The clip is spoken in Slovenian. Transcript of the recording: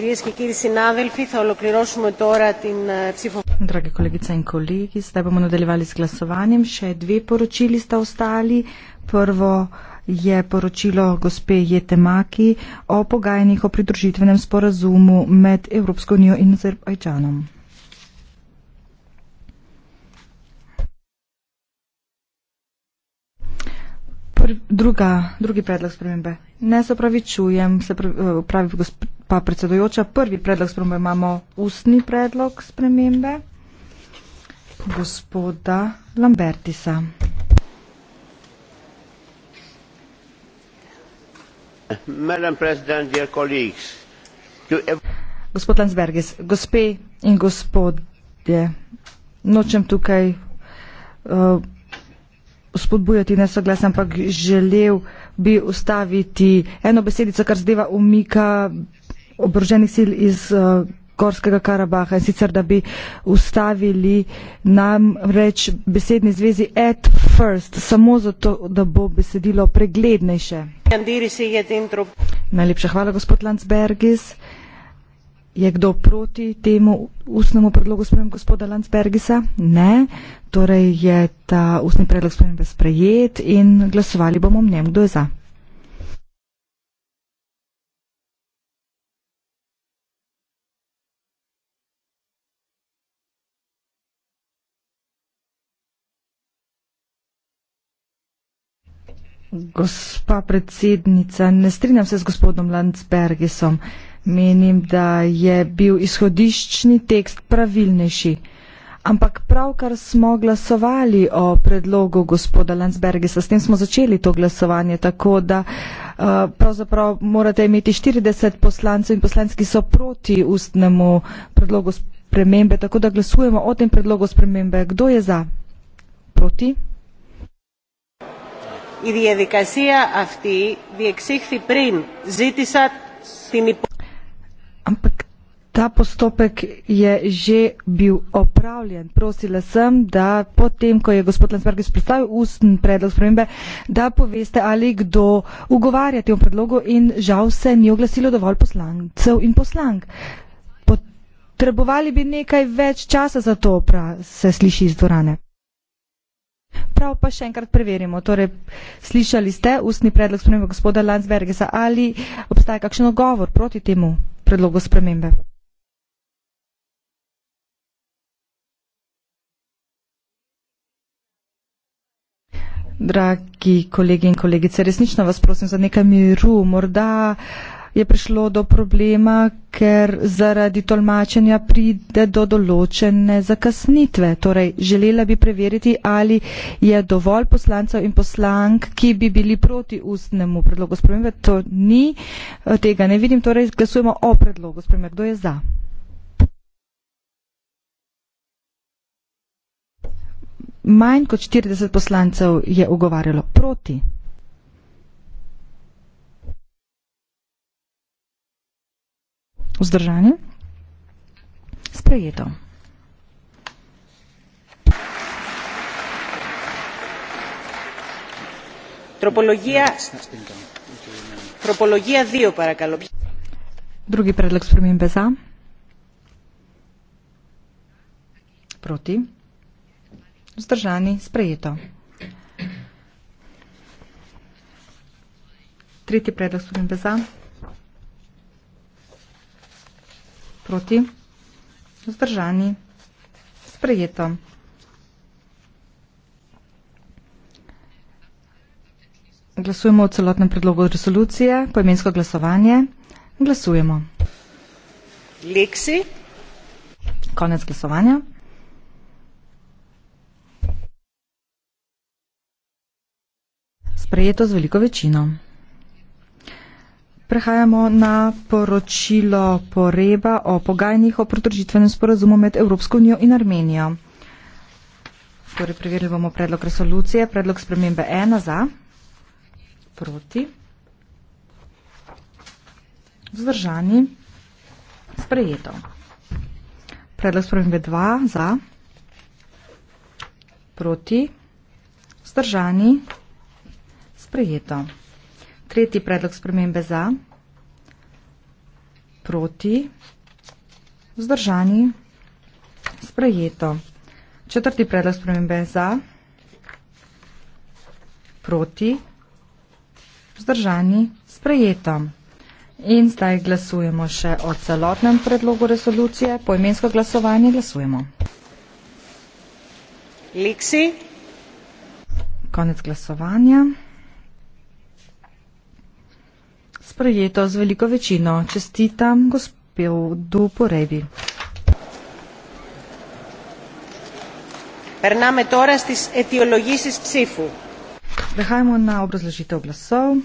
κυρίες και κύριοι συνάδελφοι, θα ολοκληρώσουμε τώρα την ψηφοφορία. Draghi colleghi e colleghi, θα πούμε να delivάλει στις κλασσοβάνιμ, σε δύο προτσίλοι στα οστάλι, πρώτο je poročilo gospe Jete Maki o pogajanjih o pridružitvenem sporazumu med Evropsko unijo in Azerbajdžanom. Druga, drugi predlog spremembe. Ne se opravičujem, se eh, pravi, pravi gospod pa predsedojoča, prvi predlog spremembe imamo ustni predlog spremembe gospoda Lambertisa. Gospod Landsbergis, gospe in gospodje, nočem tukaj uh, eh, spodbujati nesoglasje, ampak želel bi ustaviti eno besedico, kar zdeva umika oboroženih sil iz uh, Gorskega Karabaha in sicer, da bi ustavili nam reč besedni zvezi at first, samo zato, da bo besedilo preglednejše. Najlepša hvala, gospod Landsbergis. Je kdo proti temu ustnemu predlogu sprejem gospoda Landsbergisa? Ne. Torej je ta ustni predlog sprejem sprejet in glasovali bomo mnem, kdo je za. Gospa predsednica, ne strinjam se z gospodom Landsbergisom. Menim, da je bil izhodiščni tekst pravilnejši. Ampak pravkar smo glasovali o predlogu gospoda Landsbergisa, s tem smo začeli to glasovanje, tako da uh, pravzaprav morate imeti 40 poslancev in poslanci, ki so proti ustnemu predlogu spremembe, tako da glasujemo o tem predlogu spremembe. Kdo je za? Proti? Η διαδικασία αυτή διεξήχθη πριν. Ζήτησα την Ta postopek je že bil opravljen. Prosila sem, da potem, ko je gospod Lansbergis predstavil ustni predlog spremembe, da poveste, ali kdo ugovarja temu predlogu in žal se ni oglasilo dovolj poslancev in poslank. Potrebovali bi nekaj več časa za to, pra se sliši iz dvorane. Prav pa še enkrat preverimo. Torej, slišali ste ustni predlog spremembe gospoda Landsbergesa. Ali obstaja kakšen ogovor proti temu predlogu spremembe? Dragi kolegi in kolegice, resnično vas prosim za nekaj miru. Morda je prišlo do problema, ker zaradi tolmačenja pride do določene zakasnitve. Torej, želela bi preveriti, ali je dovolj poslancev in poslank, ki bi bili proti ustnemu predlogu spremembe. To ni, eh, tega ne vidim, torej glasujemo o predlogu spremembe. Kdo je za? Manj kot 40 poslancev je ugovarjalo proti. Vzdržani. Sprejeto. Tropologija dio, parakalo. Drugi predlog spremembe za. Proti. Vzdržani. Sprejeto. Tretji predlog spremembe za. Proti? Zdržani. Sprejeto. Glasujemo o celotnem predlogu resolucije, poimensko glasovanje. Glasujemo. Leksi. Konec glasovanja. Sprejeto z veliko večino. Prehajamo na poročilo Poreba o pogajanjih o prodržitvenem sporazumu med Evropsko unijo in Armenijo. Torej, preverili bomo predlog resolucije, predlog spremembe ena za, proti, vzdržani, sprejeto. Predlog spremembe dva za, proti, vzdržani, sprejeto. Tretji predlog spremembe za, proti, vzdržani, sprejeto. Četrti predlog spremembe za, proti, vzdržani, sprejeto. In zdaj glasujemo še o celotnem predlogu resolucije. Po imensko glasovanje glasujemo. Leksi. Konec glasovanja sprejeto z veliko večino. Čestitam gospodu Porebi. Prehajamo na obrazložitev glasov.